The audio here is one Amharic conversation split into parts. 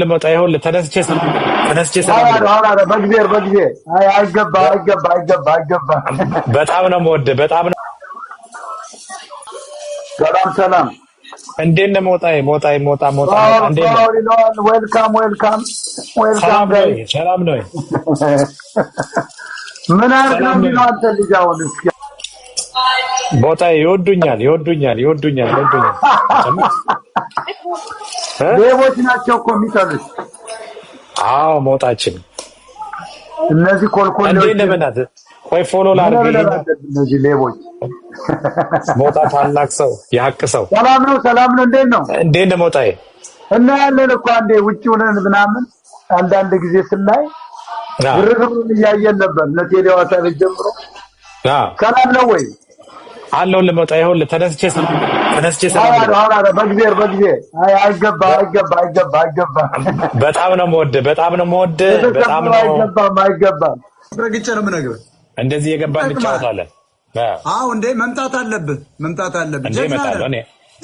ልመጣ ይኸውልህ ተነስቼ ተነስቼ በጊዜ በጊዜ አይገባ አይገባ አይገባ አይገባ። በጣም ነው የምወደው። በጣም ነው ሰላም ሰላም። እንዴት ነው ሞጣዬ? ሞጣዬ ሞጣ ሞጣ እንዴት ነው? ዌልካም ዌልካም ዌልካም። ሰላም ነው። ምን አርጋም ነው አንተ ልጅ አሁን እስኪ ቦታ ይወዱኛል ይወዱኛል ይወዱኛል ይወዱኛል። ሌቦች ናቸው እኮ የሚጠሉት። አዎ መውጣችን እነዚህ ኮልኮሌዎች ለምናት ወይ ፎሎ ላድርግ። እነዚህ ሌቦች ሞጣ ታላቅ ሰው የሀቅ ሰው ሰላም ነው ሰላም ነው። እንዴት ነው እንዴት ነው ሞጣዬ? እና ያለን እኮ አንዴ ውጭ ሆነን ምናምን አንዳንድ ጊዜ ስናይ ግርግሩን እያየን ነበር። ነቴሌዋታ ጀምሮ ሰላም ነው ወይ አለውን ልመጣ ይሁን ተነስቼ ተነስቼ አይገባ አይገባ አይገባ አይገባ። በጣም ነው የምወድ በጣም ነው መወድ በጣም ነው አይገባም አይገባም። ረግጬ ነው የምነግርህ። እንደዚህ የገባ እንጫወታለን። አዎ እንዴ መምጣት አለብህ መምጣት አለብህ።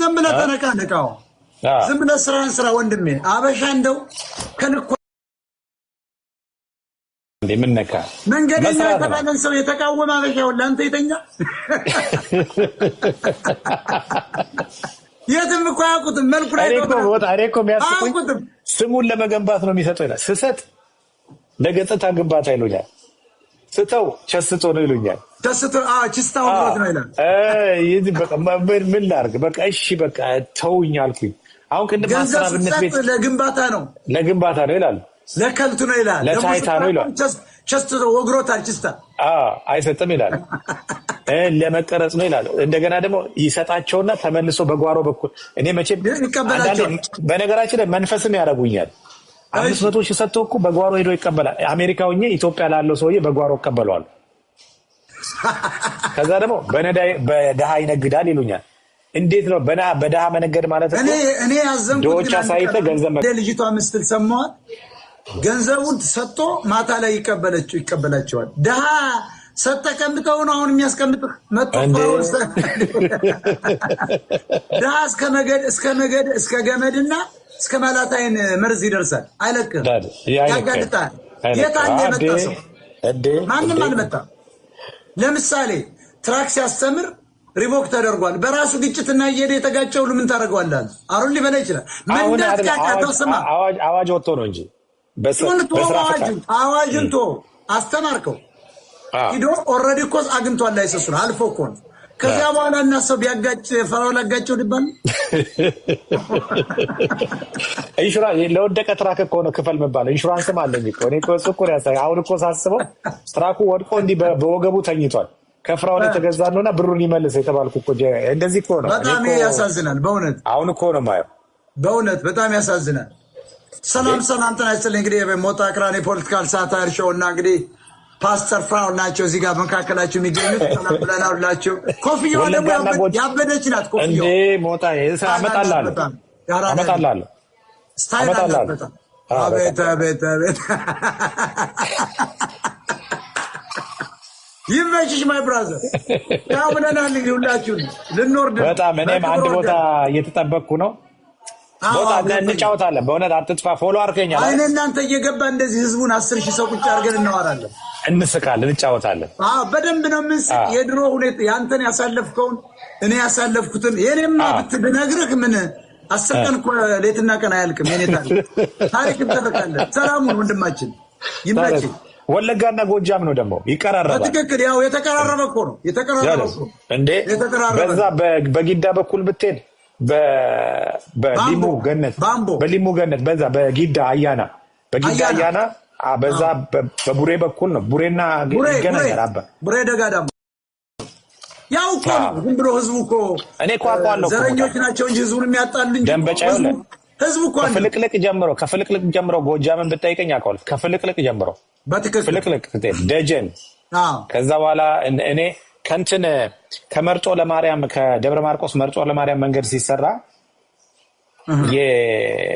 ዝም ብለህ ተነቃነቃው ዝም ብለህ ስራን ስራ ወንድሜ አበሻ እንደው ከልኳ እንዴ? ምን ነካ? መንገደኛ የተባለን ሰው የተቃወመ አበሻውን ለአንተ ይተኛ? የትም እኮ አያውቁትም። መልኩ ላይ ስሙን ለመገንባት ነው የሚሰጠው ይላል። ስሰጥ ለገጽታ ግንባታ ይሉኛል፣ ስተው ቸስቶ ነው ይሉኛል። ምን ላድርግ? በቃ እሺ በቃ ተውኝ አልኩኝ። አሁን ቅድም ለግንባታ ነው ለግንባታ ነው ይላሉ ለከብት ነው ይላል፣ ለታይታ ነው ይላል። ቸስት ወግሮታል፣ ችስታ አይሰጥም ይላል። ለመቀረጽ ነው ይላል። እንደገና ደግሞ ይሰጣቸውና ተመልሶ በጓሮ በኩል እኔ መቼ በነገራችን ላይ መንፈስም ያደርጉኛል። አምስት መቶ ሺህ ሰጥቶ እኮ በጓሮ ሄዶ ይቀበላል። አሜሪካ ሆኜ ኢትዮጵያ ላለው ሰውዬ በጓሮ ይቀበለዋል። ከዛ ደግሞ በድሃ ይነግዳል ይሉኛል። እንዴት ነው በድሃ መነገድ ማለት ነው? እኔ ያዘንኩት ልጅቷ ምስል ሰማዋል ገንዘቡን ሰጥቶ ማታ ላይ ይቀበላቸው ይቀበላቸዋል። ድሃ ሰጠ ቀምጠው ነው አሁን የሚያስቀምጥህ መጥቶ ድሃ እስከ መገድ እስከ መገድ እስከ ገመድና እስከ መላታይን መርዝ ይደርሳል። አይለቅም፣ ያጋልጣል። የት አለ የመጣ ሰው? ማንም አልመጣም። ለምሳሌ ትራክ ሲያስተምር ሪቮክ ተደርጓል። በራሱ ግጭት እና እየሄደ የተጋጨው ምን ታደርገዋለህ? አሩን ሊበላ ይችላል። መንዳት ጋር ተስማ አዋጅ ወጥቶ ነው እንጂ አዋጅን ቶ አስተማርከው ሂዶ ኦልሬዲ እኮ አግኝቷል። ላይሰሱን አልፎ እኮ ነው። ከዚያ በኋላ እና ሰው ቢያጋጭ ፈራው ላጋጭው ድባል ኢንሹራንስ ለወደቀ ትራክ እኮ ነው ክፈል የምባለው። ኢንሹራንስም አለኝ እኮ እኔ ስኩር ያሳ አሁን እኮ ሳስበው ትራኩ ወድቆ እንዲህ በወገቡ ተኝቷል። ከፍራውን የተገዛ ነውና ብሩን ይመልስ የተባልኩ እኮ እንደዚህ እኮ ነው። በጣም ያሳዝናል። በእውነት አሁን እኮ ነው ማየው። በእውነት በጣም ያሳዝናል። ሰላም ሰላም፣ ጤና ይስጥልኝ። እንግዲህ የሞት አክራሪ ፖለቲካል ሳታይር ሾው እና እንግዲህ ፓስተር ፍራውን ናቸው እዚህ ጋር መካከላቸው የሚገኙት። ሰላም ብለናል ሁላችሁ። ደግሞ ያበደች ናት። ኮፍያ ሞጣ አመጣልሀለሁ አመጣልሀለሁ ስታይል አለበት። አቤት አቤት አቤት ይመችሽ ማይ ብራዘር። ያው ብለናል እንግዲህ ሁላችሁን ልንወርድ በጣም እኔም አንድ ቦታ እየተጠበቅኩ ነው እንጫወታለን። በእውነት አትጥፋ። ፎሎ አድርገኛል። አይ እናንተ እየገባ እንደዚህ ህዝቡን አስር ሺህ ሰው ቁጭ አድርገን እናወራለን፣ እንስቃለን፣ እንጫወታለን። በደንብ ነው የምንስቅ። የድሮ ሁኔታ ያንተን ያሳለፍከውን እኔ ያሳለፍኩትን የኔማ ብትነግርህ ምን አስር ቀን እኮ ሌትና ቀን አያልቅም። የኔ ታሪክ እንጠበቃለን። ሰላሙን ወንድማችን ይመች። ወለጋና ጎጃም ነው ደግሞ ይቀራረባል። በትክክል ያው የተቀራረበ እኮ ነው። የተቀራረበ እንዴ በዛ በጊዳ በኩል ብትሄድ በሊሙ ገነት በሊሙ ገነት በዛ በጊዳ አያና በጊዳ አያና በዛ በቡሬ በኩል ነው። ቡሬና ይገናኛል። አባ ቡሬ ደጋ ያው እኮ ነው። ዝም ብሎ ህዝቡ እኮ እኔ እኮ አውቀዋለሁ። ዘረኞች ናቸው እንጂ ህዝቡን የሚያጣል እንጂ ደንበጫ ለ ህዝቡ እኮ ከፍልቅልቅ ጀምሮ ከፍልቅልቅ ጀምሮ ጎጃምን ብጠይቀኝ አውቀዋለሁ። ከፍልቅልቅ ጀምሮ በትክክል ፍልቅልቅ ደጀን ከዛ በኋላ እኔ ከንትን ከመርጦ ለማርያም ከደብረ ማርቆስ መርጦ ለማርያም መንገድ ሲሰራ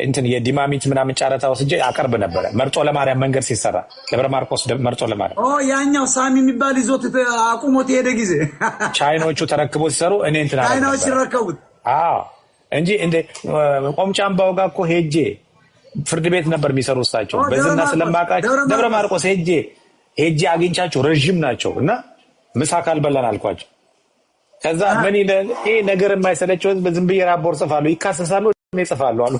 እንትን የዲማሚት ምናምን ጨረታ ወስጄ አቀርብ ነበረ። መርጦ ለማርያም መንገድ ሲሰራ ደብረ ማርቆስ መርጦ ለማርያም ያኛው ሳሚ የሚባል ይዞት አቁሞት የሄደ ጊዜ ቻይኖቹ ተረክቦ ሲሰሩ እኔ እንትን ቻይናዎች ሲረከቡት እንጂ እንደ ቆምጫምባው ጋር እኮ ሄጄ ፍርድ ቤት ነበር የሚሰሩ እሳቸው በዝና ስለማውቃቸው ደብረ ማርቆስ ሄጄ ሄጄ አግኝቻቸው ረዥም ናቸው እና ምሳ ካልበላን አልኳቸው። ከዛ ምን ይሄ ነገር የማይሰለቸው ህዝብ ዝም ብዬ ራቦር ጽፋሉ፣ ይካሰሳሉ፣ ይጽፋሉ አሉ።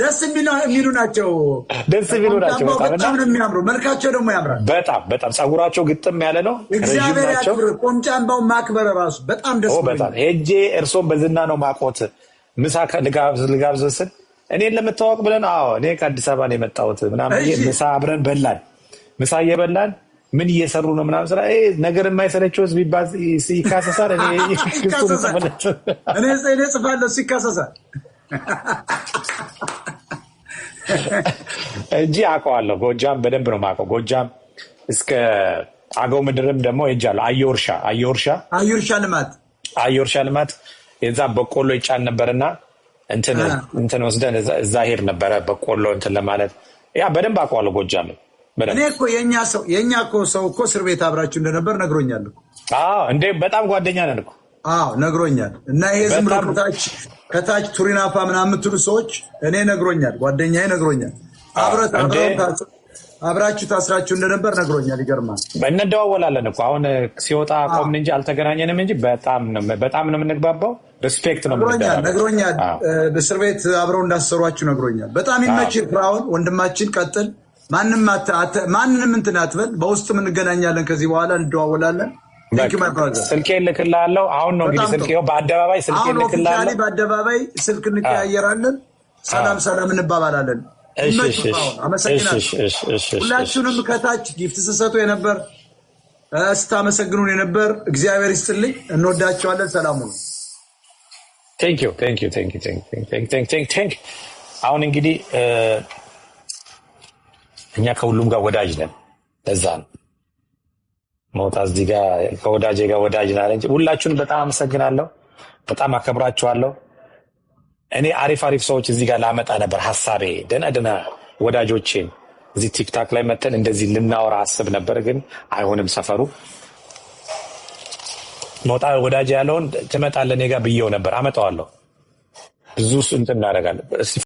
ደስ የሚሉ ናቸው። ደስ የሚሉ ናቸው። በጣም ነው የሚያምሩ። መልካቸው ደግሞ ያምራል። በጣም በጣም ጸጉራቸው ግጥም ያለ ነው። እግዚአብሔር ያክብር። ቆንጫምባውን ማክበር ራሱ በጣም ደስ በጣም ሄጄ እርሶን በዝና ነው ማቆት ምሳ ልጋብዝ ስል እኔን ለመተዋወቅ ብለን አዎ እኔ ከአዲስ አበባ ነው የመጣሁት ምናምን ምሳ አብረን በላን። ምሳ እየበላን ምን እየሰሩ ነው ምናምን ስራ ነገር የማይሰለችው ህዝብ ይካሰሳል። እኔ ጽፋለሁ ሲካሰሳል እንጂ አውቀዋለሁ። ጎጃም በደንብ ነው የማውቀው። ጎጃም እስከ አገው ምድርም ደግሞ ሄጃለሁ። አየወርሻ አየወርሻ አየወርሻ ልማት አየወርሻ ልማት የዛ በቆሎ ይጫን ነበርና እንትን ወስደን እዛ ሄድ ነበረ በቆሎ እንትን ለማለት ያ በደንብ አቋሉ ጎጃምን እኔ እኮ የኛ ሰው የእኛ እኮ ሰው እኮ እስር ቤት አብራችሁ እንደነበር ነግሮኛል እኮ እንደ በጣም ጓደኛ ነን እኮ አዎ ነግሮኛል። እና ይሄ ዝም ብሎ ከታች ከታች ቱሪናፋ ምናምን የምትሉ ሰዎች እኔ ነግሮኛል፣ ጓደኛዬ ነግሮኛል። አብረት አብራችሁ ታስራችሁ እንደነበር ነግሮኛል። ይገርማል። እንደዋወላለን እኮ አሁን ሲወጣ ቆምን እንጂ አልተገናኘንም እንጂ በጣም ነው የምንግባባው። ሪስፔክት ነው ነግሮኛል። እስር ቤት አብረው እንዳሰሯችሁ ነግሮኛል። በጣም ይመች ፍራውን ወንድማችን፣ ቀጥል። ማንንም እንትን አትበል። በውስጥም እንገናኛለን፣ ከዚህ በኋላ እንደዋወላለን። ስልኬ እልክልሃለሁ። አሁን ነው እንግዲህ ስልኬ በአደባባይ ስልኬ እልክልሃለሁ። በአደባባይ ስልክ እንቀያየራለን። ሰላም ሰላም እንባባላለን። ሁላችሁንም ከታች ጊፍት ስሰጡ የነበር ስታመሰግኑን የነበር እግዚአብሔር ይስጥልኝ። እንወዳቸዋለን። ሰላሙ ነው። ቴንክ ዩ ቴንክ ዩ ቴንክ ዩ ቴንክ ቴንክ ቴንክ ቴንክ አሁን እንግዲህ እኛ ከሁሉም ጋር ወዳጅ ነን። ለዛ ነው ሞታ እዚህ ጋር ከወዳጄ ጋር ወዳጅ ናለ እንጂ ሁላችሁን በጣም አመሰግናለሁ። በጣም አከብራችኋለሁ። እኔ አሪፍ አሪፍ ሰዎች እዚህ ጋር ላመጣ ነበር ሀሳቤ። ደህና ደህና ወዳጆቼን እዚህ ቲክታክ ላይ መተን እንደዚህ ልናወራ አስብ ነበር፣ ግን አይሆንም ሰፈሩ መውጣ ወዳጅ ያለውን ትመጣለን ጋ ብየው ነበር። አመጣዋለሁ ብዙ እንትን እናደርጋለን